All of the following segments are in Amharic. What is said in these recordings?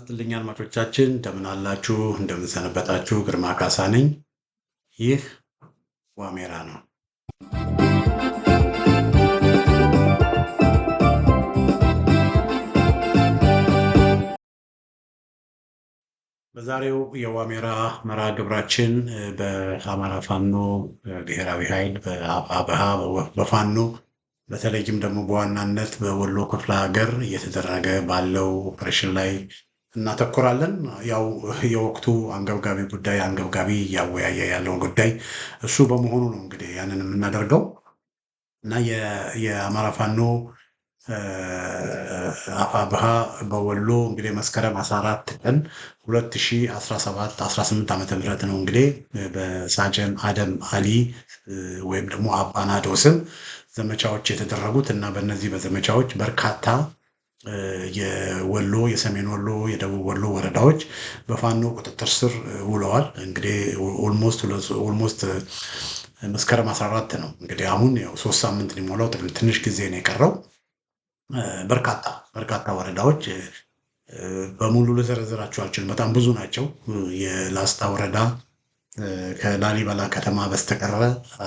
ይስጥልኝ አድማጮቻችን፣ እንደምን አላችሁ? ግርማ ካሳ ነኝ። ይህ ዋሜራ ነው። በዛሬው የዋሜራ መርሃ ግብራችን በአማራ ፋኖ ብሔራዊ ኃይል በአብሃ በፋኖ በተለይም ደግሞ በዋናነት በወሎ ክፍለ ሀገር እየተደረገ ባለው ኦፕሬሽን ላይ እናተኩራለን። ያው የወቅቱ አንገብጋቢ ጉዳይ አንገብጋቢ እያወያየ ያለውን ጉዳይ እሱ በመሆኑ ነው እንግዲህ ያንን የምናደርገው እና የአማራ ፋኖ አፋብሃ በወሎ እንግዲህ መስከረም 14 ቀን 2017 18 ዓመተ ምህረት ነው እንግዲህ በሳጀን አደም አሊ ወይም ደግሞ አባናዶ ስም ዘመቻዎች የተደረጉት እና በእነዚህ በዘመቻዎች በርካታ የወሎ የሰሜን ወሎ የደቡብ ወሎ ወረዳዎች በፋኖ ቁጥጥር ስር ውለዋል። እንግዲህ ኦልሞስት ኦልሞስት መስከረም 14 ነው እንግዲህ አሁን ሶስት ሳምንት ሊሞላው ትንሽ ጊዜ ነው የቀረው። በርካታ በርካታ ወረዳዎች በሙሉ ልዘረዝራቸው አልችልም፣ በጣም ብዙ ናቸው። የላስታ ወረዳ ከላሊበላ ከተማ በስተቀረ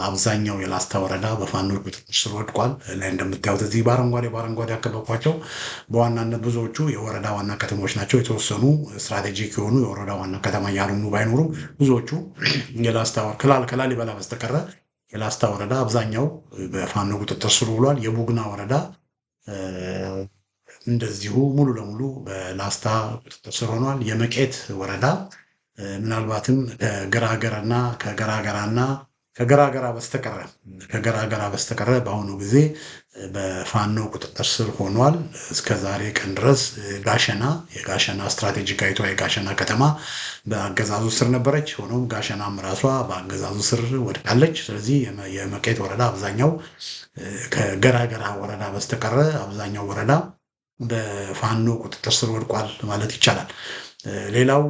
አብዛኛው የላስታ ወረዳ በፋኖ ቁጥጥር ስር ወድቋል። ላይ እንደምታዩት እዚህ በአረንጓዴ በአረንጓዴ ያከበቧቸው በዋናነት ብዙዎቹ የወረዳ ዋና ከተሞች ናቸው። የተወሰኑ ስትራቴጂክ የሆኑ የወረዳ ዋና ከተማ እያልሆኑ ባይኖሩ ብዙዎቹ ከላሊበላ በስተቀረ የላስታ ወረዳ አብዛኛው በፋኖ ቁጥጥር ስር ውሏል። የቡግና ወረዳ እንደዚሁ ሙሉ ለሙሉ በላስታ ቁጥጥር ስር ሆኗል። የመቄት ወረዳ ምናልባትም ከገራገራና ከገራገራና ከገራገራ በስተቀረ ከገራገራ በስተቀረ በአሁኑ ጊዜ በፋኖ ቁጥጥር ስር ሆኗል። እስከ ዛሬ ቀን ድረስ ጋሸና የጋሸና ስትራቴጂካዊቷ የጋሸና ከተማ በአገዛዙ ስር ነበረች። ሆኖም ጋሸናም ራሷ በአገዛዙ ስር ወድቃለች። ስለዚህ የመቄት ወረዳ አብዛኛው ከገራገራ ወረዳ በስተቀረ አብዛኛው ወረዳ በፋኖ ቁጥጥር ስር ወድቋል ማለት ይቻላል። ሌላው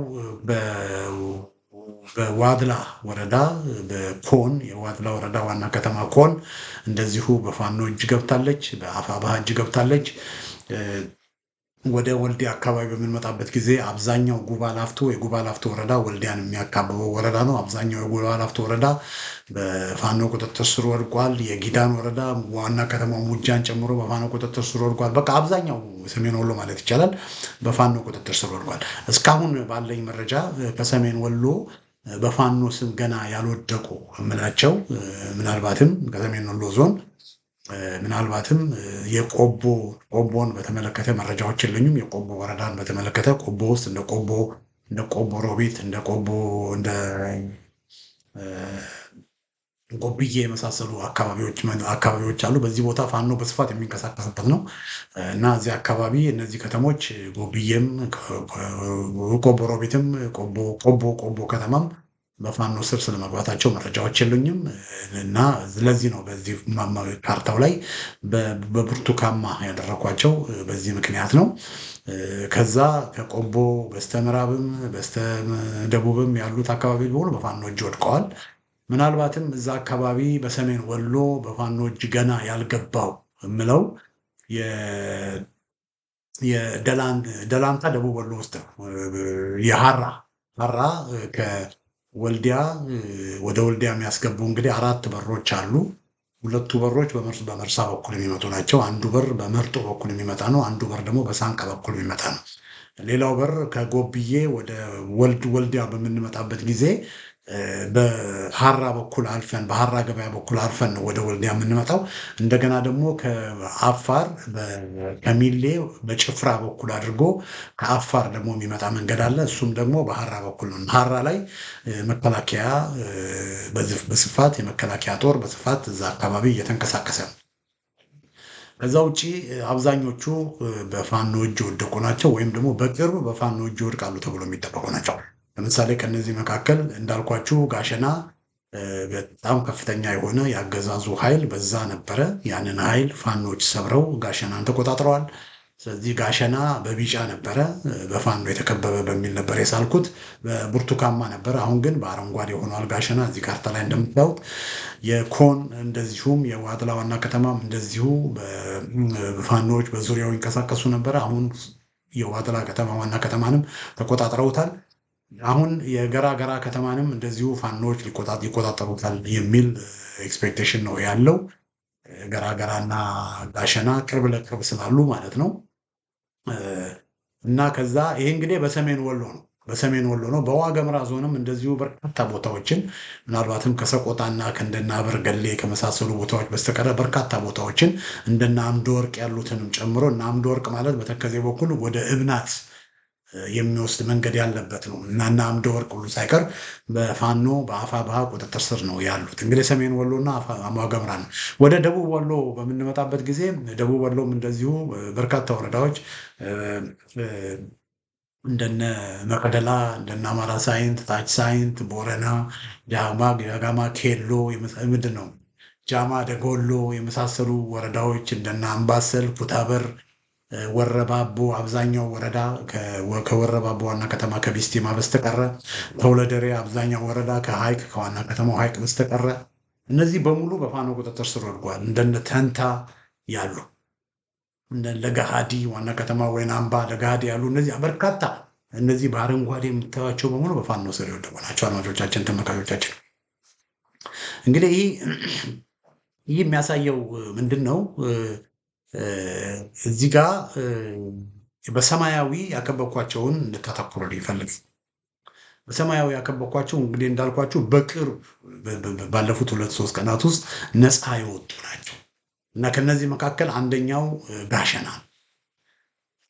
በዋድላ ወረዳ በኮን የዋድላ ወረዳ ዋና ከተማ ኮን እንደዚሁ በፋኖ እጅ ገብታለች፣ በአፋባሃ እጅ ገብታለች። ወደ ወልዲያ አካባቢ በምንመጣበት ጊዜ አብዛኛው ጉባላፍቶ የጉባላፍቶ ወረዳ ወልዲያን የሚያካብበው ወረዳ ነው። አብዛኛው የጉባ ላፍቶ ወረዳ በፋኖ ቁጥጥር ስር ወድቋል። የጊዳን ወረዳ ዋና ከተማ ሙጃን ጨምሮ በፋኖ ቁጥጥር ስር ወድቋል። በቃ አብዛኛው ሰሜን ወሎ ማለት ይቻላል በፋኖ ቁጥጥር ስር ወድቋል። እስካሁን ባለኝ መረጃ ከሰሜን ወሎ በፋኖ ስም ገና ያልወደቁ የምላቸው ምናልባትም ከሰሜን ወሎ ዞን ምናልባትም የቆቦ ቆቦን በተመለከተ መረጃዎች የለኝም። የቆቦ ወረዳን በተመለከተ ቆቦ ውስጥ እንደ ቆቦ እንደ ቆቦ ሮቢት እንደ ቆቦ እንደ ጎብዬ የመሳሰሉ አካባቢዎች አሉ። በዚህ ቦታ ፋኖ በስፋት የሚንቀሳቀስበት ነው እና እዚህ አካባቢ እነዚህ ከተሞች ጎብዬም፣ ቆቦ ሮቢትም፣ ቆቦ ቆቦ ከተማም በፋኖ ስር ስለመግባታቸው መረጃዎች የሉኝም እና ስለዚህ ነው በዚህ ካርታው ላይ በብርቱካማ ያደረኳቸው በዚህ ምክንያት ነው። ከዛ ከቆቦ በስተምዕራብም በስተደቡብም ያሉት አካባቢ በሆኑ በፋኖ እጅ ወድቀዋል። ምናልባትም እዛ አካባቢ በሰሜን ወሎ በፋኖ እጅ ገና ያልገባው የምለው የደላንታ ደቡብ ወሎ ውስጥ ነው የሀራ ሀራ ወልዲያ ወደ ወልዲያ የሚያስገቡ እንግዲህ አራት በሮች አሉ። ሁለቱ በሮች በመርሳ በኩል የሚመጡ ናቸው። አንዱ በር በመርጦ በኩል የሚመጣ ነው። አንዱ በር ደግሞ በሳንቃ በኩል የሚመጣ ነው። ሌላው በር ከጎብዬ ወደ ወልድ ወልዲያ በምንመጣበት ጊዜ በሀራ በኩል አልፈን በሀራ ገበያ በኩል አልፈን ነው ወደ ወልዲያ የምንመጣው። እንደገና ደግሞ ከአፋር ከሚሌ በጭፍራ በኩል አድርጎ ከአፋር ደግሞ የሚመጣ መንገድ አለ። እሱም ደግሞ በሀራ በኩል ነው። ሀራ ላይ መከላከያ በስፋት የመከላከያ ጦር በስፋት እዛ አካባቢ እየተንቀሳቀሰ ነው። ከዛ ውጭ አብዛኞቹ በፋኖ እጅ ወደቁ ናቸው፣ ወይም ደግሞ በቅርብ በፋኖ እጅ ወድቃሉ ተብሎ የሚጠበቁ ናቸው። ለምሳሌ ከነዚህ መካከል እንዳልኳችሁ ጋሸና በጣም ከፍተኛ የሆነ የአገዛዙ ኃይል በዛ ነበረ። ያንን ኃይል ፋኖች ሰብረው ጋሸናን ተቆጣጥረዋል። ስለዚህ ጋሸና በቢጫ ነበረ፣ በፋኖ የተከበበ በሚል ነበር የሳልኩት። በብርቱካማ ነበረ፣ አሁን ግን በአረንጓዴ ሆኗል። ጋሸና እዚህ ካርታ ላይ እንደምታዩት የኮን እንደዚሁም የዋድላ ዋና ከተማም እንደዚሁ ፋኖዎች በዙሪያው ይንቀሳቀሱ ነበረ። አሁን የዋድላ ከተማ ዋና ከተማንም ተቆጣጥረውታል። አሁን የገራገራ ከተማንም እንደዚሁ ፋኖች ይቆጣጠሩታል የሚል ኤክስፔክቴሽን ነው ያለው። ገራገራና ጋሸና ቅርብ ለቅርብ ስላሉ ማለት ነው። እና ከዛ ይሄ እንግዲህ በሰሜን ወሎ ነው በሰሜን ወሎ ነው። በዋገምራ ዞንም እንደዚሁ በርካታ ቦታዎችን ምናልባትም ከሰቆጣና ከእንደና በርገሌ ከመሳሰሉ ቦታዎች በስተቀረ በርካታ ቦታዎችን እንደና አምድ ወርቅ ያሉትንም ጨምሮ እና አምድ ወርቅ ማለት በተከዜ በኩል ወደ እብናት የሚወስድ መንገድ ያለበት ነው እና እና አምደ ወርቅ ሁሉ ሳይቀር በፋኖ በአፋብኃ ቁጥጥር ስር ነው ያሉት። እንግዲህ ሰሜን ወሎና አሟገምራ ነው። ወደ ደቡብ ወሎ በምንመጣበት ጊዜ ደቡብ ወሎም እንደዚሁ በርካታ ወረዳዎች እንደነ መቅደላ እንደነ አማራ ሳይንት፣ ታች ሳይንት፣ ቦረና፣ ጃማ፣ ኬሎ ምንድን ነው ጃማ ደጎሎ የመሳሰሉ ወረዳዎች እንደነ አምባሰል፣ ኩታበር ወረባቦ አብዛኛው ወረዳ ከወረባቦ ዋና ከተማ ከቢስቲማ በስተቀረ ተውለደሬ አብዛኛው ወረዳ ከሀይቅ ከዋና ከተማው ሀይቅ በስተቀረ እነዚህ በሙሉ በፋኖ ቁጥጥር ስር ወድጓል። እንደነ ተንታ ያሉ ለገሃዲ ዋና ከተማ ወይን አምባ ለገሃዲ ያሉ እነዚህ በርካታ እነዚህ በአረንጓዴ የምታዩቸው በሙሉ በፋኖ ስር የወደቁ ናቸው። አድማጮቻችን፣ ተመልካቾቻችን እንግዲህ ይህ የሚያሳየው ምንድን ነው? እዚህ ጋ በሰማያዊ ያከበኳቸውን እንድታተኩሩልኝ ይፈልግ በሰማያዊ ያከበኳቸው እንግዲህ እንዳልኳቸው በቅርብ ባለፉት ሁለት ሶስት ቀናት ውስጥ ነፃ የወጡ ናቸው እና ከነዚህ መካከል አንደኛው ጋሸና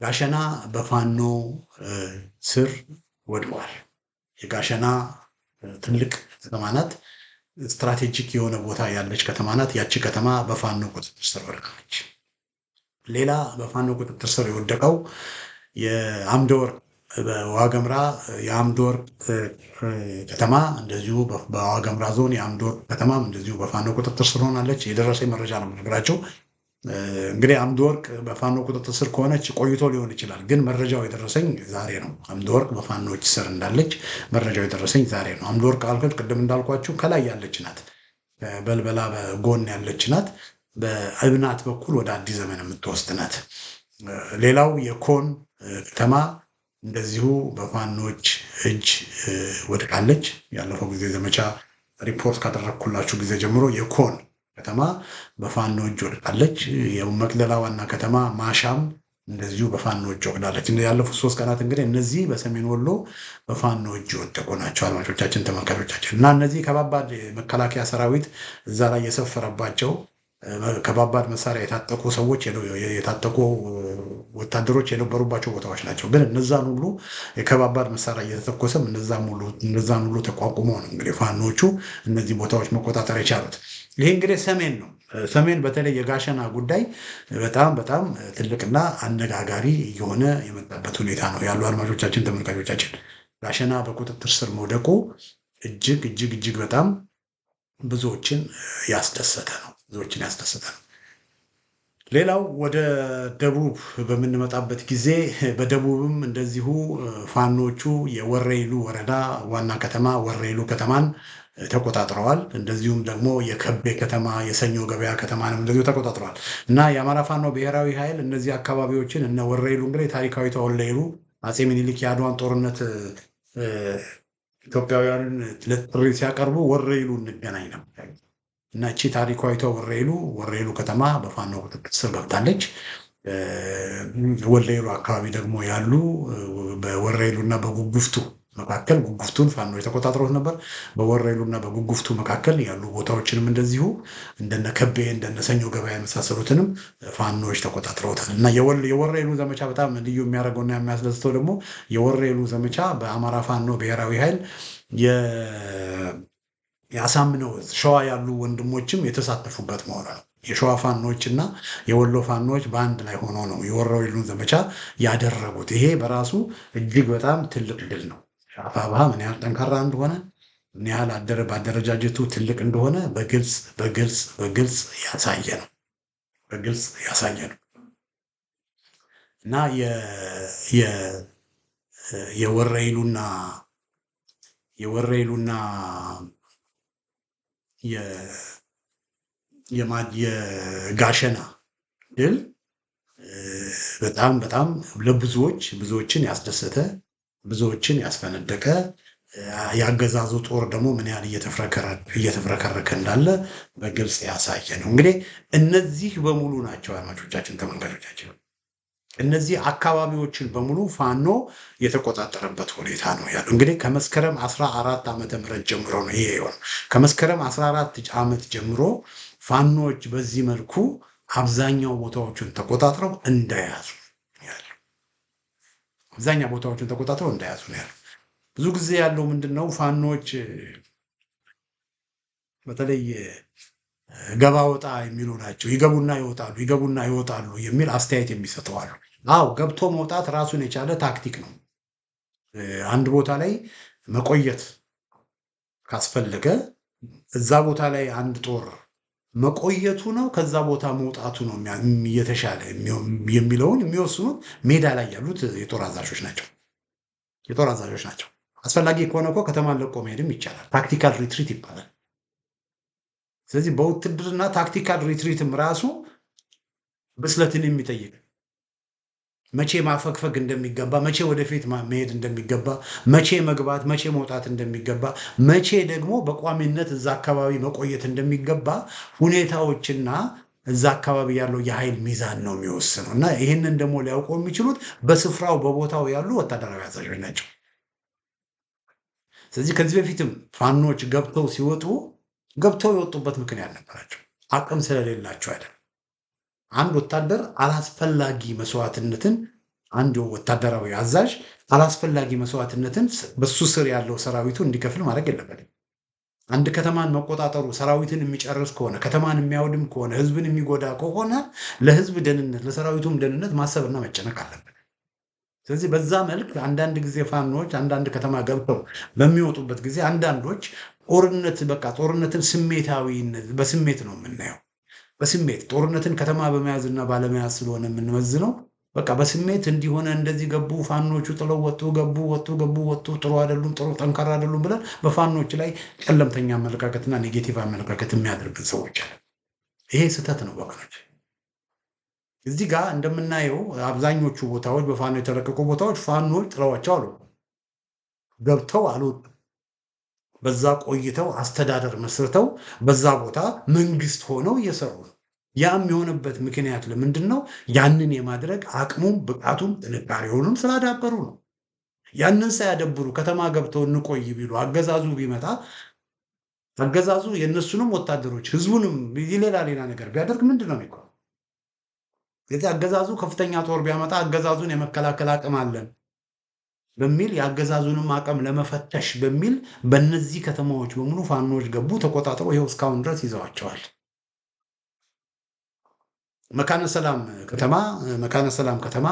ጋሸና በፋኖ ስር ወድቋል። የጋሸና ትልቅ ከተማናት ስትራቴጂክ የሆነ ቦታ ያለች ከተማናት ያቺ ከተማ በፋኖ ቁጥጥር ስር ወድቃለች። ሌላ በፋኖ ቁጥጥር ስር የወደቀው የአምደ በዋገምራ የአምደ ወርቅ ከተማ እንደዚሁ በዋገምራ ዞን የአምደ ወርቅ እንደዚሁ በፋኖ ቁጥጥር ስር ሆናለች። የደረሰ መረጃ ነው የምነግራቸው። እንግዲህ አምደ ወርቅ በፋኖ ቁጥጥር ስር ከሆነች ቆይቶ ሊሆን ይችላል፣ ግን መረጃው የደረሰኝ ዛሬ ነው። አምደ በፋኖች ስር እንዳለች መረጃው የደረሰኝ ዛሬ ነው። አምደ ወርቅ ቅድም እንዳልኳችሁ ከላይ ያለች ናት፣ በልበላ በጎን ያለች ናት። በእብናት በኩል ወደ አዲስ ዘመን የምትወስድነት። ሌላው የኮን ከተማ እንደዚሁ በፋኖች እጅ ወድቃለች። ያለፈው ጊዜ ዘመቻ ሪፖርት ካደረግኩላችሁ ጊዜ ጀምሮ የኮን ከተማ በፋኖ እጅ ወድቃለች። የመቅደላ ዋና ከተማ ማሻም እንደዚሁ በፋኖ እጅ ወቅዳለች። ያለፉት ሶስት ቀናት እንግዲህ እነዚህ በሰሜን ወሎ በፋኖ እጅ ወደቁ ናቸው። አድማጮቻችን፣ ተመልካቾቻችን እና እነዚህ ከባባድ መከላከያ ሰራዊት እዛ ላይ የሰፈረባቸው ከባባድ መሳሪያ የታጠቁ ሰዎች የታጠቁ ወታደሮች የነበሩባቸው ቦታዎች ናቸው። ግን እነዛን ሁሉ ከባባድ መሳሪያ እየተተኮሰም እነዛን ሁሉ ተቋቁመው ነው እንግዲህ ፋኖቹ እነዚህ ቦታዎች መቆጣጠር የቻሉት። ይህ እንግዲህ ሰሜን ነው። ሰሜን በተለይ የጋሸና ጉዳይ በጣም በጣም ትልቅና አነጋጋሪ እየሆነ የመጣበት ሁኔታ ነው ያሉ አድማጮቻችን፣ ተመልካቾቻችን ጋሸና በቁጥጥር ስር መውደቁ እጅግ እጅግ እጅግ በጣም ብዙዎችን ያስደሰተ ነው። ብዙዎችን ያስደስታል። ሌላው ወደ ደቡብ በምንመጣበት ጊዜ በደቡብም እንደዚሁ ፋኖቹ የወረይሉ ወረዳ ዋና ከተማ ወረይሉ ከተማን ተቆጣጥረዋል። እንደዚሁም ደግሞ የከቤ ከተማ የሰኞ ገበያ ከተማንም እንደዚሁ ተቆጣጥረዋል እና የአማራ ፋኖ ብሔራዊ ኃይል እነዚህ አካባቢዎችን እነ ወረይሉ እንግዲህ ታሪካዊቷ ወረይሉ አፄ ምኒልክ የአድዋን ጦርነት ኢትዮጵያውያንን ጥሪ ሲያቀርቡ ወረይሉ እንገናኝ ነው እና ቺ ታሪካዊቷ ወሬሉ ወሬሉ ከተማ በፋኖ ቁጥጥር ስር ገብታለች። ወሌሉ አካባቢ ደግሞ ያሉ በወሬሉ እና በጉጉፍቱ መካከል ጉጉፍቱን ፋኖ የተቆጣጠሩት ነበር። በወሬሉ እና በጉጉፍቱ መካከል ያሉ ቦታዎችንም እንደዚሁ እንደነ ከቤ እንደነ ሰኞ ገበያ የመሳሰሉትንም ፋኖች ተቆጣጥረውታል እና የወሬሉ ዘመቻ በጣም ልዩ የሚያደርገውና የሚያስደስተው ደግሞ የወሬሉ ዘመቻ በአማራ ፋኖ ብሔራዊ ኃይል የአሳምነው ሸዋ ያሉ ወንድሞችም የተሳተፉበት መሆኑ ነው። የሸዋ ፋኖች እና የወሎ ፋኖች በአንድ ላይ ሆኖ ነው የወራው የሉን ዘመቻ ያደረጉት። ይሄ በራሱ እጅግ በጣም ትልቅ ድል ነው። አፋብኃ ምን ያህል ጠንካራ እንደሆነ ምን ያህል በአደረጃጀቱ ትልቅ እንደሆነ በግልጽ በግልጽ በግልጽ ያሳየ ነው በግልጽ ያሳየ ነው እና የወረይሉና የወረይሉና የጋሸና ድል በጣም በጣም ለብዙዎች ብዙዎችን ያስደሰተ ብዙዎችን ያስፈነደቀ የአገዛዙ ጦር ደግሞ ምን ያህል እየተፍረከረከ እንዳለ በግልጽ ያሳየ ነው። እንግዲህ እነዚህ በሙሉ ናቸው አድማጮቻችን፣ ተመልካቾቻችን እነዚህ አካባቢዎችን በሙሉ ፋኖ የተቆጣጠረበት ሁኔታ ነው ያለው። እንግዲህ ከመስከረም 14 ዓመተ ምህረት ጀምሮ ነው ይሄ የሆነ። ከመስከረም 14 ዓመት ጀምሮ ፋኖች በዚህ መልኩ አብዛኛው ቦታዎችን ተቆጣጥረው እንዳያዙ ያለው አብዛኛው ቦታዎችን ተቆጣጥረው እንዳያዙ ነው ያለው። ብዙ ጊዜ ያለው ምንድን ነው ፋኖች በተለይ ገባ ወጣ የሚሉ ናቸው። ይገቡና ይወጣሉ፣ ይገቡና ይወጣሉ የሚል አስተያየት የሚሰጠዋሉ አው ገብቶ መውጣት ራሱን የቻለ ታክቲክ ነው። አንድ ቦታ ላይ መቆየት ካስፈለገ እዛ ቦታ ላይ አንድ ጦር መቆየቱ ነው ከዛ ቦታ መውጣቱ ነው የተሻለ የሚለውን የሚወስኑት ሜዳ ላይ ያሉት የጦር አዛዦች ናቸው። የጦር አዛዦች ናቸው። አስፈላጊ ከሆነ እኮ ከተማን ለቆ መሄድም ይቻላል። ታክቲካል ሪትሪት ይባላል። ስለዚህ በውትድርና ታክቲካል ሪትሪትም ራሱ ብስለትን የሚጠይቅ መቼ ማፈግፈግ እንደሚገባ፣ መቼ ወደፊት መሄድ እንደሚገባ፣ መቼ መግባት፣ መቼ መውጣት እንደሚገባ፣ መቼ ደግሞ በቋሚነት እዛ አካባቢ መቆየት እንደሚገባ ሁኔታዎችና እዛ አካባቢ ያለው የኃይል ሚዛን ነው የሚወስነው እና ይህንን ደግሞ ሊያውቁ የሚችሉት በስፍራው በቦታው ያሉ ወታደራዊ አዛዦች ናቸው። ስለዚህ ከዚህ በፊትም ፋኖች ገብተው ሲወጡ ገብተው የወጡበት ምክንያት ነበራቸው። አቅም ስለሌላቸው አይደለም። አንድ ወታደር አላስፈላጊ መስዋዕትነትን አንድ ወታደራዊ አዛዥ አላስፈላጊ መስዋዕትነትን በሱ ስር ያለው ሰራዊቱ እንዲከፍል ማድረግ የለበትም። አንድ ከተማን መቆጣጠሩ ሰራዊትን የሚጨርስ ከሆነ ከተማን የሚያወድም ከሆነ ህዝብን የሚጎዳ ከሆነ ለህዝብ ደህንነት ለሰራዊቱም ደህንነት ማሰብና መጨነቅ አለበት። ስለዚህ በዛ መልክ አንዳንድ ጊዜ ፋኖች አንዳንድ ከተማ ገብተው በሚወጡበት ጊዜ አንዳንዶች ጦርነት በቃ ጦርነትን ስሜታዊነት በስሜት ነው የምናየው በስሜት ጦርነትን ከተማ በመያዝ እና ባለመያዝ ስለሆነ የምንመዝነው በቃ በስሜት እንዲሆነ እንደዚህ ገቡ ፋኖቹ ጥለው ወጡ ገቡ ወጡ ገቡ ወጡ ጥሩ አይደሉም ጥሩ ጠንካራ አይደሉም ብለን በፋኖች ላይ ጨለምተኛ አመለካከትና ኔጌቲቭ አመለካከት የሚያደርግን ሰዎች አለ። ይሄ ስህተት ነው ወገኖች። እዚህ ጋር እንደምናየው አብዛኞቹ ቦታዎች በፋኖ የተለቀቁ ቦታዎች ፋኖች ጥለዋቸው አሉ ገብተው አሉ። በዛ ቆይተው አስተዳደር መስርተው በዛ ቦታ መንግስት ሆነው እየሰሩ ነው። ያም የሆነበት ምክንያት ለምንድን ነው? ያንን የማድረግ አቅሙም ብቃቱም ጥንካሬውንም ስላዳበሩ ነው። ያንን ሳያደብሩ ከተማ ገብተው እንቆይ ቢሉ አገዛዙ ቢመጣ አገዛዙ የእነሱንም ወታደሮች ህዝቡንም ሌላ ሌላ ነገር ቢያደርግ ምንድን ነው የሚባለው? ስለዚህ አገዛዙ ከፍተኛ ጦር ቢያመጣ አገዛዙን የመከላከል አቅም አለን በሚል የአገዛዙንም አቅም ለመፈተሽ በሚል በእነዚህ ከተማዎች በሙሉ ፋኖች ገቡ፣ ተቆጣጥሮ ይኸው እስካሁን ድረስ ይዘዋቸዋል። መካነ ሰላም ከተማ መካነ ሰላም ከተማ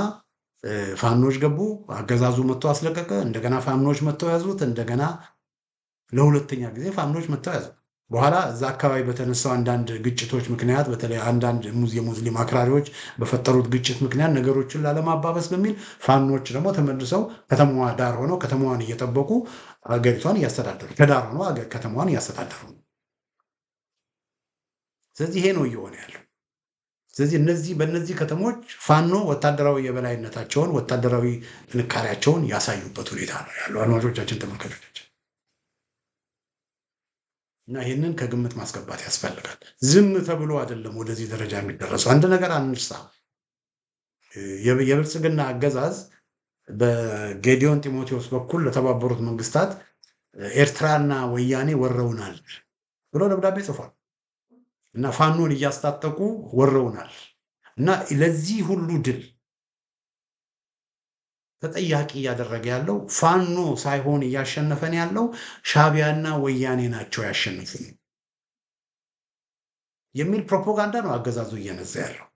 ፋኖች ገቡ። አገዛዙ መጥቶ አስለቀቀ። እንደገና ፋኖች መጥተው ያዙት። እንደገና ለሁለተኛ ጊዜ ፋኖች መጥተው ያዙት። በኋላ እዛ አካባቢ በተነሳው አንዳንድ ግጭቶች ምክንያት በተለይ አንዳንድ የሙስሊም አክራሪዎች በፈጠሩት ግጭት ምክንያት ነገሮችን ላለማባበስ በሚል ፋኖች ደግሞ ተመልሰው ከተማዋ ዳር ሆነው ከተማዋን እየጠበቁ አገሪቷን እያስተዳደሩ ከዳር ሆነው ከተማዋን እያስተዳደሩ ስለዚህ ይሄ ነው እየሆነ ያለው። ስለዚህ እነዚህ በእነዚህ ከተሞች ፋኖ ወታደራዊ የበላይነታቸውን ወታደራዊ ጥንካሬያቸውን ያሳዩበት ሁኔታ ነው ያሉ አድማጮቻችን፣ ተመልካቾቻችን እና ይህንን ከግምት ማስገባት ያስፈልጋል። ዝም ተብሎ አይደለም ወደዚህ ደረጃ የሚደረሱ። አንድ ነገር አንርሳ፣ የብልጽግና አገዛዝ በጌዲዮን ጢሞቴዎስ በኩል ለተባበሩት መንግስታት ኤርትራና ወያኔ ወረውናል ብሎ ደብዳቤ ጽፏል። እና ፋኖን እያስታጠቁ ወረውናል። እና ለዚህ ሁሉ ድል ተጠያቂ እያደረገ ያለው ፋኖ ሳይሆን እያሸነፈን ያለው ሻቢያና ወያኔ ናቸው ያሸንፉ የሚል ፕሮፓጋንዳ ነው አገዛዙ እየነዛ ያለው።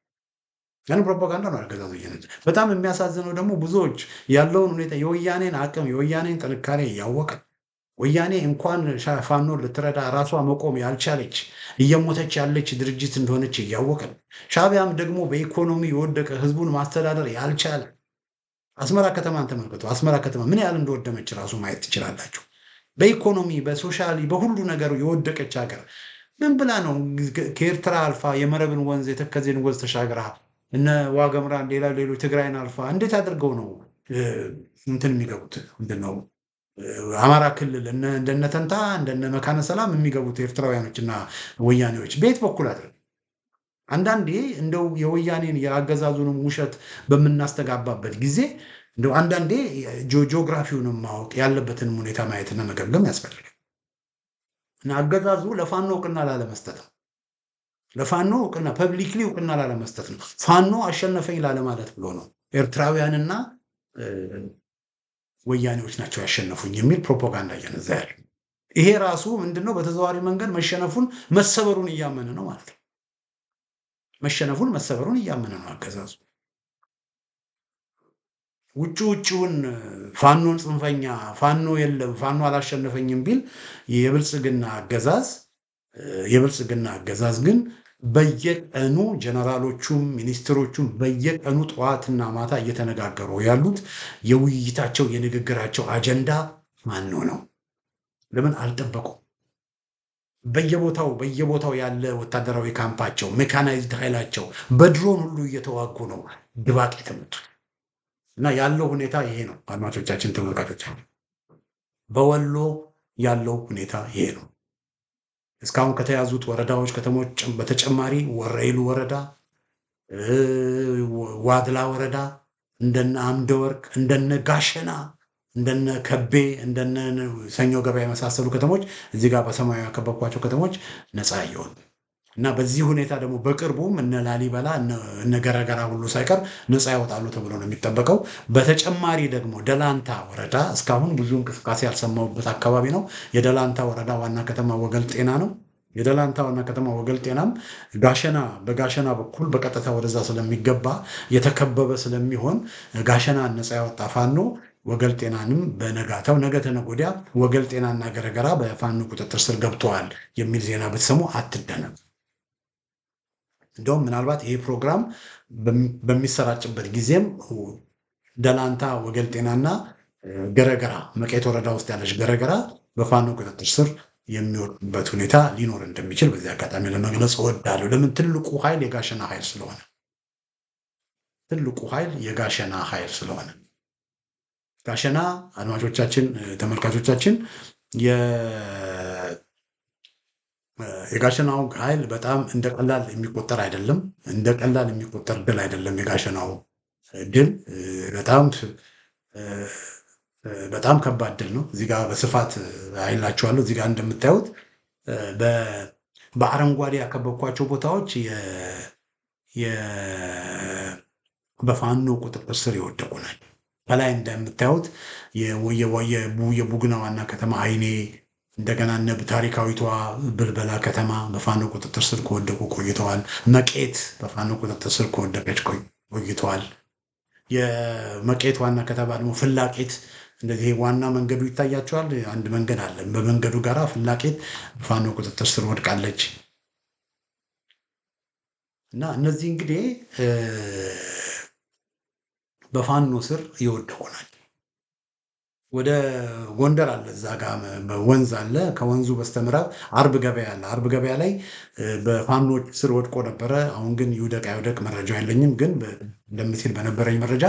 ያን ፕሮፓጋንዳ ነው አገዛዙ እየነዛ። በጣም የሚያሳዝነው ደግሞ ብዙዎች ያለውን ሁኔታ የወያኔን አቅም የወያኔን ጥንካሬ እያወቅን ወያኔ እንኳን ፋኖ ልትረዳ ራሷ መቆም ያልቻለች እየሞተች ያለች ድርጅት እንደሆነች እያወቅን፣ ሻቢያም ደግሞ በኢኮኖሚ የወደቀ ህዝቡን ማስተዳደር ያልቻለ አስመራ ከተማን ተመልክቶ አስመራ ከተማ ምን ያህል እንደወደመች ራሱ ማየት ትችላላችሁ። በኢኮኖሚ በሶሻል በሁሉ ነገር የወደቀች ሀገር ምን ብላ ነው ከኤርትራ አልፋ የመረብን ወንዝ የተከዜን ወንዝ ተሻግራ እነ ዋገምራን ሌላ ሌሎች ትግራይን አልፋ እንዴት አድርገው ነው እንትን የሚገቡት ምንድን ነው አማራ ክልል እንደነ ተንታ እንደነ መካነ ሰላም የሚገቡት ኤርትራውያኖችና ወያኔዎች ቤት በኩል አድርግ አንዳንዴ እንደው የወያኔን የአገዛዙንም ውሸት በምናስተጋባበት ጊዜ እንደው አንዳንዴ ጂኦግራፊውንም ማወቅ ያለበትንም ሁኔታ ማየትና መገምገም ያስፈልጋል። እና አገዛዙ ለፋኖ እውቅና ላለመስጠት ነው። ለፋኖ እውቅና ፐብሊክሊ እውቅና ላለመስጠት ነው። ፋኖ አሸነፈኝ ላለማለት ብሎ ነው ኤርትራውያንና ወያኔዎች ናቸው ያሸነፉኝ የሚል ፕሮፓጋንዳ እየነዛ ያለ ይሄ ራሱ ምንድነው በተዘዋዋሪ መንገድ መሸነፉን መሰበሩን እያመነ ነው ማለት ነው። መሸነፉን መሰበሩን እያመነ ነው አገዛዙ። ውጭ ውጭውን ፋኖን ጽንፈኛ ፋኖ የለም ፋኖ አላሸነፈኝም ቢል የብልጽግና አገዛዝ የብልጽግና አገዛዝ ግን በየቀኑ ጀነራሎቹም ሚኒስትሮቹም በየቀኑ ጠዋትና ማታ እየተነጋገሩ ያሉት የውይይታቸው የንግግራቸው አጀንዳ ማን ነው? ለምን አልጠበቁም? በየቦታው በየቦታው ያለ ወታደራዊ ካምፓቸው ሜካናይዝድ ኃይላቸው በድሮን ሁሉ እየተዋጉ ነው ድባቅ የተመቱት። እና ያለው ሁኔታ ይሄ ነው። አድማጮቻችን፣ ተመልካቾቻችን በወሎ ያለው ሁኔታ ይሄ ነው። እስካሁን ከተያዙት ወረዳዎች፣ ከተሞች በተጨማሪ ወረይሉ ወረዳ፣ ዋድላ ወረዳ እንደነ አምደ ወርቅ፣ እንደነ ጋሸና፣ እንደነ ከቤ፣ እንደነ ሰኞ ገበያ የመሳሰሉ ከተሞች እዚህ ጋር በሰማያዊ ያከበብኳቸው ከተሞች ነፃ እየሆኑ እና በዚህ ሁኔታ ደግሞ በቅርቡም እነ ላሊበላ እነ ገረገራ ሁሉ ሳይቀር ነፃ ያወጣሉ ተብሎ ነው የሚጠበቀው። በተጨማሪ ደግሞ ደላንታ ወረዳ እስካሁን ብዙ እንቅስቃሴ ያልሰማሁበት አካባቢ ነው። የደላንታ ወረዳ ዋና ከተማ ወገል ጤና ነው። የደላንታ ዋና ከተማ ወገል ጤናም ጋሸና በጋሸና በኩል በቀጥታ ወደዛ ስለሚገባ የተከበበ ስለሚሆን ጋሸና ነፃ ያወጣ ፋኖ ወገል ጤናንም በነጋታው ነገ ተነጎዲያ ወገል ጤናና ገረገራ በፋኖ ቁጥጥር ስር ገብተዋል የሚል ዜና ብትሰሙ አትደነቁ። እንዲሁም ምናልባት ይሄ ፕሮግራም በሚሰራጭበት ጊዜም ደላንታ ወገል ጤናና ገረገራ መቀየት ወረዳ ውስጥ ያለች ገረገራ በፋኖ ቁጥጥር ስር የሚወድበት ሁኔታ ሊኖር እንደሚችል በዚህ አጋጣሚ ለመግለጽ እወዳለሁ። ለምን ትልቁ ኃይል የጋሸና ኃይል ስለሆነ ትልቁ ኃይል የጋሸና ኃይል ስለሆነ ጋሸና አድማጮቻችን፣ ተመልካቾቻችን የጋሸናው ኃይል በጣም እንደ ቀላል የሚቆጠር አይደለም። እንደ ቀላል የሚቆጠር ድል አይደለም። የጋሸናው ድል በጣም በጣም ከባድ ድል ነው። እዚጋ በስፋት አይላችኋለሁ። እዚጋ እንደምታዩት በአረንጓዴ ያከበብኳቸው ቦታዎች በፋኖ ቁጥጥር ስር የወደቁ ናቸው። ከላይ እንደምታዩት የቡግና ዋና ከተማ አይኔ እንደገና እነ ታሪካዊቷ ብልበላ ከተማ በፋኖ ቁጥጥር ስር ከወደቁ ቆይተዋል። መቄት በፋኖ ቁጥጥር ስር ከወደቀች ቆይተዋል። የመቄት ዋና ከተማ ደግሞ ፍላቄት እንደዚህ ዋና መንገዱ ይታያቸዋል። አንድ መንገድ አለ። በመንገዱ ጋር ፍላቄት በፋኖ ቁጥጥር ስር ወድቃለች እና እነዚህ እንግዲህ በፋኖ ስር የወደቁ ናቸው። ወደ ጎንደር አለ እዛ ጋ ወንዝ አለ። ከወንዙ በስተምዕራብ አርብ ገበያ አለ። አርብ ገበያ ላይ በፋኖች ስር ወድቆ ነበረ። አሁን ግን ይውደቅ አይውደቅ መረጃ የለኝም፣ ግን እንደምትል በነበረኝ መረጃ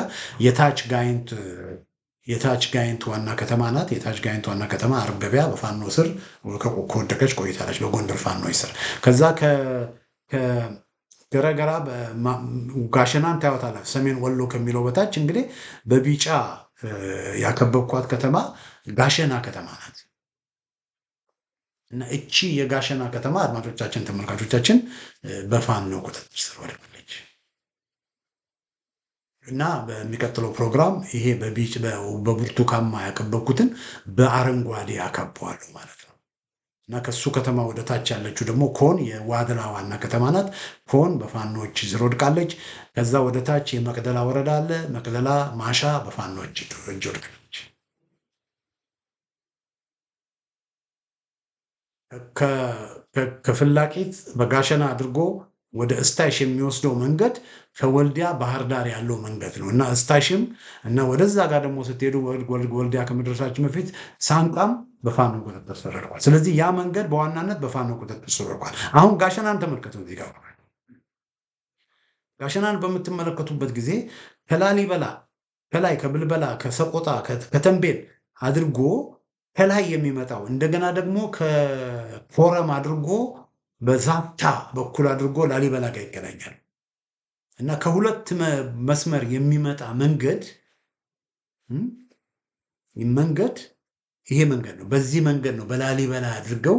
የታች ጋይንት የታች ጋይንት ዋና ከተማ ናት። የታች ጋይንት ዋና ከተማ አርብ ገበያ በፋኖ ስር ከወደቀች ቆይታለች፣ በጎንደር ፋኖች ስር ከዛ ገረገራ ጋሸናን ታያወታለች። ሰሜን ወሎ ከሚለው በታች እንግዲህ በቢጫ ያከበብኳት ከተማ ጋሸና ከተማ ናት። እና እቺ የጋሸና ከተማ አድማጮቻችን፣ ተመልካቾቻችን በፋኖ ቁጥጥር ስር ወድቃለች። እና በሚቀጥለው ፕሮግራም ይሄ በቢጭ በብርቱካማ ያከበብኩትን በአረንጓዴ አከበዋለሁ ማለት ነው። እና ከሱ ከተማ ወደ ታች ያለችው ደግሞ ኮን የዋድላ ዋና ከተማ ናት። ኮን በፋኖች ስር ወድቃለች። ከዛ ወደ ታች የመቅደላ ወረዳ አለ። መቅደላ ማሻ በፋኖች እጅ ወድቃለች። ከፍላቂት በጋሸና አድርጎ ወደ እስታይሽ የሚወስደው መንገድ ከወልዲያ ባህር ዳር ያለው መንገድ ነው እና እስታይሽም እና ወደዛ ጋር ደግሞ ስትሄዱ ወልዲያ ከመድረሳችን በፊት ሳንቃም በፋኖ ቁጥጥር ስር ውሏል። ስለዚህ ያ መንገድ በዋናነት በፋኖ ቁጥጥር ስር ውሏል። አሁን ጋሸናን ተመልከቱ። ዜጋ ጋሸናን በምትመለከቱበት ጊዜ ከላሊበላ ከላይ ከብልበላ ከሰቆጣ ከተንቤል አድርጎ ከላይ የሚመጣው እንደገና ደግሞ ከኮረም አድርጎ በዛታ በኩል አድርጎ ላሊበላ ጋር ይገናኛል እና ከሁለት መስመር የሚመጣ መንገድ መንገድ ይሄ መንገድ ነው። በዚህ መንገድ ነው በላሊበላ አድርገው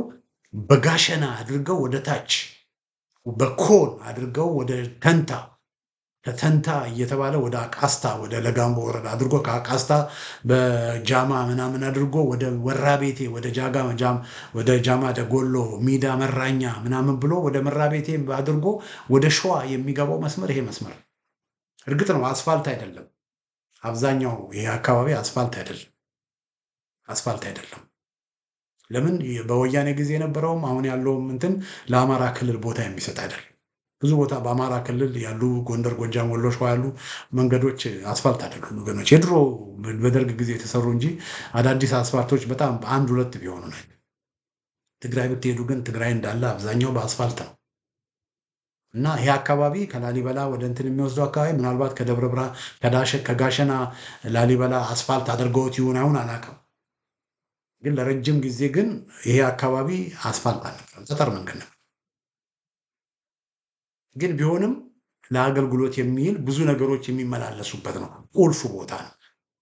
በጋሸና አድርገው ወደ ታች በኮን አድርገው ወደ ተንታ ከተንታ እየተባለ ወደ አቃስታ ወደ ለጋምቦ ወረዳ አድርጎ ከአቃስታ በጃማ ምናምን አድርጎ ወደ ወራቤቴ ወደ ወደ ጃማ ደጎሎ ሚዳ መራኛ ምናምን ብሎ ወደ መራቤቴ አድርጎ ወደ ሸዋ የሚገባው መስመር ይሄ መስመር እርግጥ ነው አስፋልት አይደለም። አብዛኛው ይሄ አካባቢ አስፋልት አይደለም። አስፋልት አይደለም። ለምን በወያኔ ጊዜ የነበረውም አሁን ያለውም እንትን ለአማራ ክልል ቦታ የሚሰጥ አይደለም። ብዙ ቦታ በአማራ ክልል ያሉ ጎንደር፣ ጎጃም፣ ወሎ፣ ሸዋ ያሉ መንገዶች አስፋልት አይደሉም ወገኖች። የድሮ በደርግ ጊዜ የተሰሩ እንጂ አዳዲስ አስፋልቶች በጣም አንድ ሁለት ቢሆኑ ነ ትግራይ ብትሄዱ ግን ትግራይ እንዳለ አብዛኛው በአስፋልት ነው እና ይሄ አካባቢ ከላሊበላ ወደ እንትን የሚወስደው አካባቢ ምናልባት ከደብረ ብርሃን ከጋሸና ላሊበላ አስፋልት አድርገውት ይሁን አይሁን አላውቅም። ግን ለረጅም ጊዜ ግን ይሄ አካባቢ አስፋልት አልነበረም፣ ጠጠር መንገድ ነበር። ግን ቢሆንም ለአገልግሎት የሚል ብዙ ነገሮች የሚመላለሱበት ነው። ቁልፉ ቦታ ነው።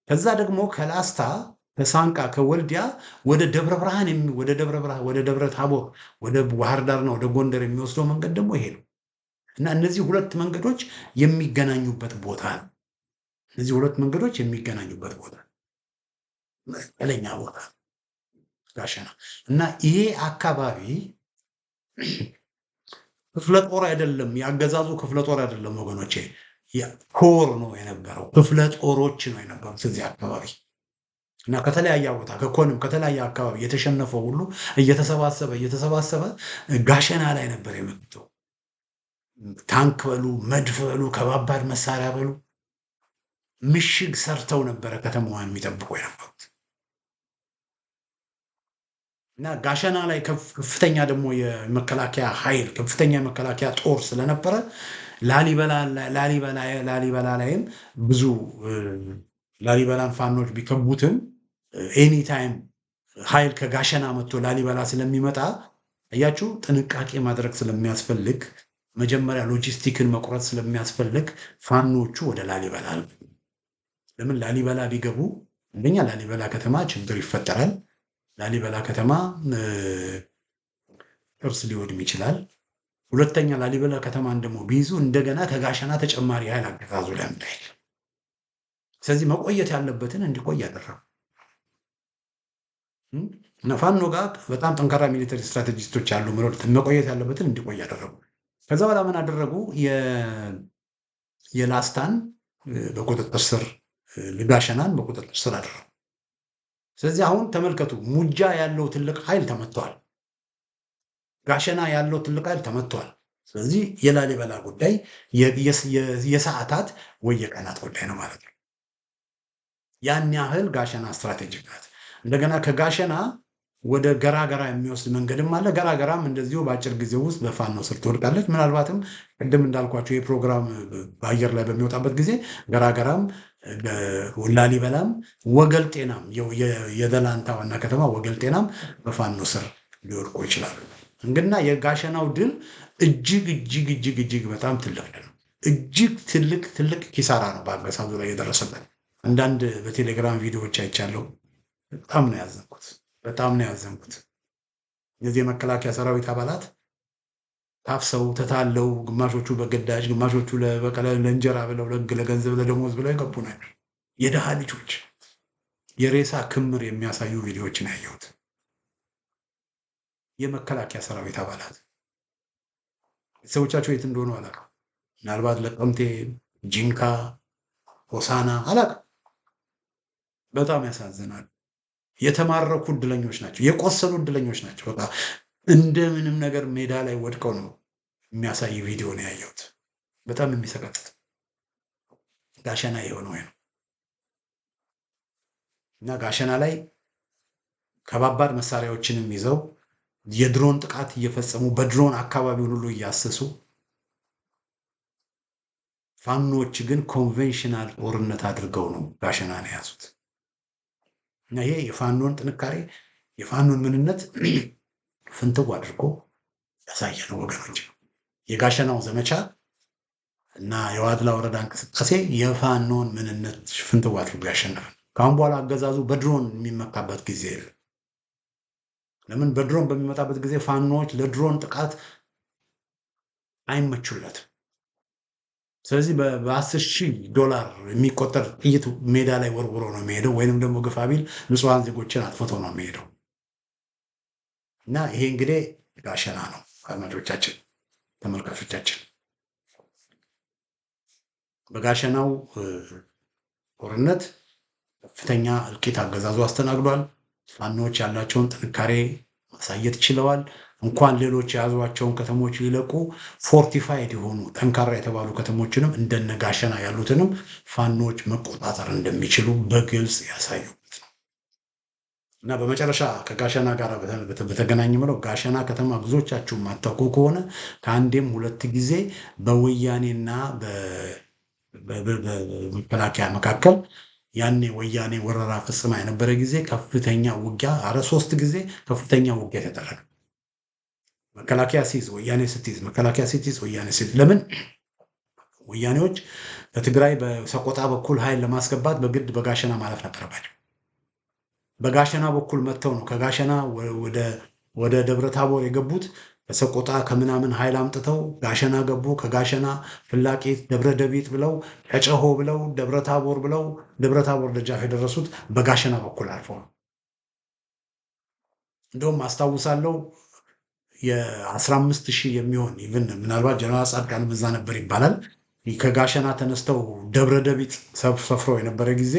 ከዛ ደግሞ ከላስታ ከሳንቃ ከወልዲያ ወደ ደብረ ብርሃን ወደ ደብረ ብርሃን ወደ ደብረ ታቦር ወደ ባህር ዳርና ወደ ጎንደር የሚወስደው መንገድ ደግሞ ይሄ ነው እና እነዚህ ሁለት መንገዶች የሚገናኙበት ቦታ ነው። እነዚህ ሁለት መንገዶች የሚገናኙበት ቦታ ቀለኛ ቦታ ጋሸና እና ይሄ አካባቢ ክፍለ ጦር አይደለም፣ የአገዛዙ ክፍለ ጦር አይደለም ወገኖቼ፣ ኮር ነው የነበረው። ክፍለ ጦሮች ነው የነበሩት እዚህ አካባቢ እና ከተለያየ ቦታ ከኮንም ከተለያየ አካባቢ የተሸነፈው ሁሉ እየተሰባሰበ እየተሰባሰበ ጋሸና ላይ ነበር የመጥተው። ታንክ በሉ፣ መድፍ በሉ፣ ከባባድ መሳሪያ በሉ ምሽግ ሰርተው ነበረ ከተማዋን የሚጠብቁ የነበሩ እና ጋሸና ላይ ከፍተኛ ደግሞ የመከላከያ ኃይል ከፍተኛ የመከላከያ ጦር ስለነበረ ላሊበላ ላይም ብዙ ላሊበላን ፋኖች ቢከቡትም ኤኒታይም ኃይል ከጋሸና መጥቶ ላሊበላ ስለሚመጣ እያችሁ ጥንቃቄ ማድረግ ስለሚያስፈልግ መጀመሪያ ሎጂስቲክን መቁረጥ ስለሚያስፈልግ ፋኖቹ ወደ ላሊበላ ለምን ላሊበላ ቢገቡ አንደኛ ላሊበላ ከተማ ችግር ይፈጠራል። ላሊበላ ከተማ ቅርስ ሊወድም ይችላል። ሁለተኛ ላሊበላ ከተማን ደግሞ ቢይዙ እንደገና ከጋሸና ተጨማሪ ኃይል አገዛዙ ላይ ስለዚህ መቆየት ያለበትን እንዲቆይ ያደረጉ ነፋኖ ጋር በጣም ጠንካራ ሚሊተሪ ስትራቴጂስቶች አሉ። መቆየት ያለበትን እንዲቆይ ያደረጉ። ከዛ በኋላ ምን አደረጉ? የላስታን በቁጥጥር ስር ጋሸናን በቁጥጥር ስር አደረጉ። ስለዚህ አሁን ተመልከቱ፣ ሙጃ ያለው ትልቅ ኃይል ተመቷል። ጋሸና ያለው ትልቅ ኃይል ተመቷል። ስለዚህ የላሊበላ ጉዳይ የሰዓታት ወይ የቀናት ጉዳይ ነው ማለት ነው። ያን ያህል ጋሸና ስትራቴጂክ ናት። እንደገና ከጋሸና ወደ ገራገራ የሚወስድ መንገድም አለ። ገራገራም እንደዚሁ በአጭር ጊዜ ውስጥ በፋኖ ስር ትወድቃለች። ምናልባትም ቅድም እንዳልኳቸው የፕሮግራም በአየር ላይ በሚወጣበት ጊዜ ገራገራም ላሊበላም ወገል ጤናም የደላንታ ዋና ከተማ ወገል ጤናም በፋኖ ስር ሊወድቁ ይችላሉ። እንግና የጋሸናው ድል እጅግ እጅግ እጅግ እጅግ በጣም ትልቅ ድል ነው። እጅግ ትልቅ ትልቅ ኪሳራ ነው በአገዛዙ ላይ የደረሰበት። አንዳንድ በቴሌግራም ቪዲዮዎች አይቻለሁ። በጣም ነው ያዘንኩት። በጣም ነው ያዘንኩት። እነዚህ የመከላከያ ሰራዊት አባላት ታፍሰው ተታለው ግማሾቹ በግዳጅ ግማሾቹ ለእንጀራ ብለው ለገንዘብ ለደሞዝ ብለው የገቡ ናቸው። የድሃ ልጆች የሬሳ ክምር የሚያሳዩ ቪዲዮዎችን ያየሁት የመከላከያ ሰራዊት አባላት ቤተሰቦቻቸው የት እንደሆኑ አላውቅም። ምናልባት ለቀምቴ፣ ጂንካ፣ ሆሳና አላውቅም። በጣም ያሳዝናል። የተማረኩ እድለኞች ናቸው። የቆሰሉ እድለኞች ናቸው። በቃ እንደምንም ነገር ሜዳ ላይ ወድቀው ነው የሚያሳይ ቪዲዮ ነው ያየሁት። በጣም የሚሰቀጥጥ ጋሸና የሆነ ወይ ነው እና ጋሸና ላይ ከባባድ መሳሪያዎችንም ይዘው የድሮን ጥቃት እየፈጸሙ በድሮን አካባቢውን ሁሉ እያሰሱ ፋኖች ግን ኮንቬንሽናል ጦርነት አድርገው ነው ጋሸናን የያዙት እና ይሄ የፋኖን ጥንካሬ የፋኖን ምንነት ፍንትው አድርጎ ያሳየ ነው ወገኖች። የጋሸናው ዘመቻ እና የዋድላ ወረዳ እንቅስቃሴ የፋኖን ምንነት ፍንትው አድርጎ ያሸነፈ ከአሁን በኋላ አገዛዙ በድሮን የሚመካበት ጊዜ የለም። ለምን? በድሮን በሚመጣበት ጊዜ ፋኖዎች ለድሮን ጥቃት አይመቹለትም። ስለዚህ በአስር ሺህ ዶላር የሚቆጠር ጥይት ሜዳ ላይ ወርውሮ ነው የሚሄደው፣ ወይንም ደግሞ ግፋቢል ንጹሐን ዜጎችን አጥፍቶ ነው የሚሄደው። እና ይሄ እንግዲህ ጋሸና ነው አድማጮቻችን፣ ተመልካቾቻችን በጋሸናው ጦርነት ከፍተኛ እልቂት አገዛዙ አስተናግዷል። ፋኖች ያላቸውን ጥንካሬ ማሳየት ችለዋል። እንኳን ሌሎች የያዟቸውን ከተሞች ሊለቁ ፎርቲፋይድ የሆኑ ጠንካራ የተባሉ ከተሞችንም እንደነ ጋሸና ያሉትንም ፋኖች መቆጣጠር እንደሚችሉ በግልጽ ያሳዩ እና በመጨረሻ ከጋሸና ጋር በተገናኘ ምለው ጋሸና ከተማ ብዙዎቻችሁ ማታውቁ ከሆነ ከአንዴም ሁለት ጊዜ በወያኔና በመከላከያ መካከል ያኔ ወያኔ ወረራ ፍጽማ የነበረ ጊዜ ከፍተኛ ውጊያ አረ ሶስት ጊዜ ከፍተኛ ውጊያ ተደረገ። መከላከያ ሲይዝ ወያኔ ስትይዝ መከላከያ ስትይዝ ወያኔ ስትይዝ ለምን ወያኔዎች በትግራይ በሰቆጣ በኩል ኃይል ለማስገባት በግድ በጋሸና ማለፍ ነበረባቸው። በጋሸና በኩል መጥተው ነው ከጋሸና ወደ ደብረ ታቦር የገቡት። ከሰቆጣ ከምናምን ኃይል አምጥተው ጋሸና ገቡ። ከጋሸና ፍላቂት፣ ደብረ ደቢጥ ብለው ጨጨሆ ብለው ደብረ ታቦር ብለው ደብረ ታቦር ደጃፍ የደረሱት በጋሸና በኩል አልፈው ነው። እንደውም አስታውሳለሁ የ15 ሺህ የሚሆን ኢቭን ምናልባት ጀነራል ጻድቃን በዛ ነበር ይባላል ከጋሸና ተነስተው ደብረ ደቢጥ ሰፍረው የነበረ ጊዜ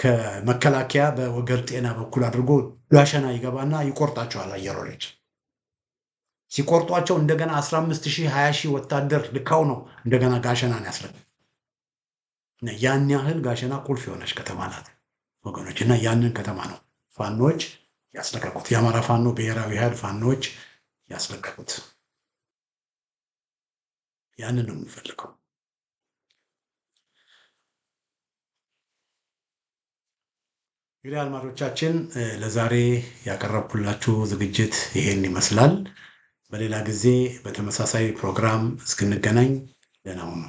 ከመከላከያ በወገር ጤና በኩል አድርጎ ዳሸና ይገባና ይቆርጣቸዋል። አየር ወለድ ሲቆርጧቸው እንደገና 15 ሺህ 20 ሺህ ወታደር ልካው ነው እንደገና ጋሸናን ያስረግ ያን ያህል ጋሸና ቁልፍ የሆነች ከተማ ናት ወገኖች እና ያንን ከተማ ነው ፋኖች ያስለቀቁት። የአማራ ፋኖ ብሔራዊ ኃይል ፋኖች ያስለቀቁት። ያንን ነው የምንፈልገው። እንግዲህ አድማጮቻችን ለዛሬ ያቀረብኩላችሁ ዝግጅት ይሄን ይመስላል። በሌላ ጊዜ በተመሳሳይ ፕሮግራም እስክንገናኝ ደህና ሁኑ።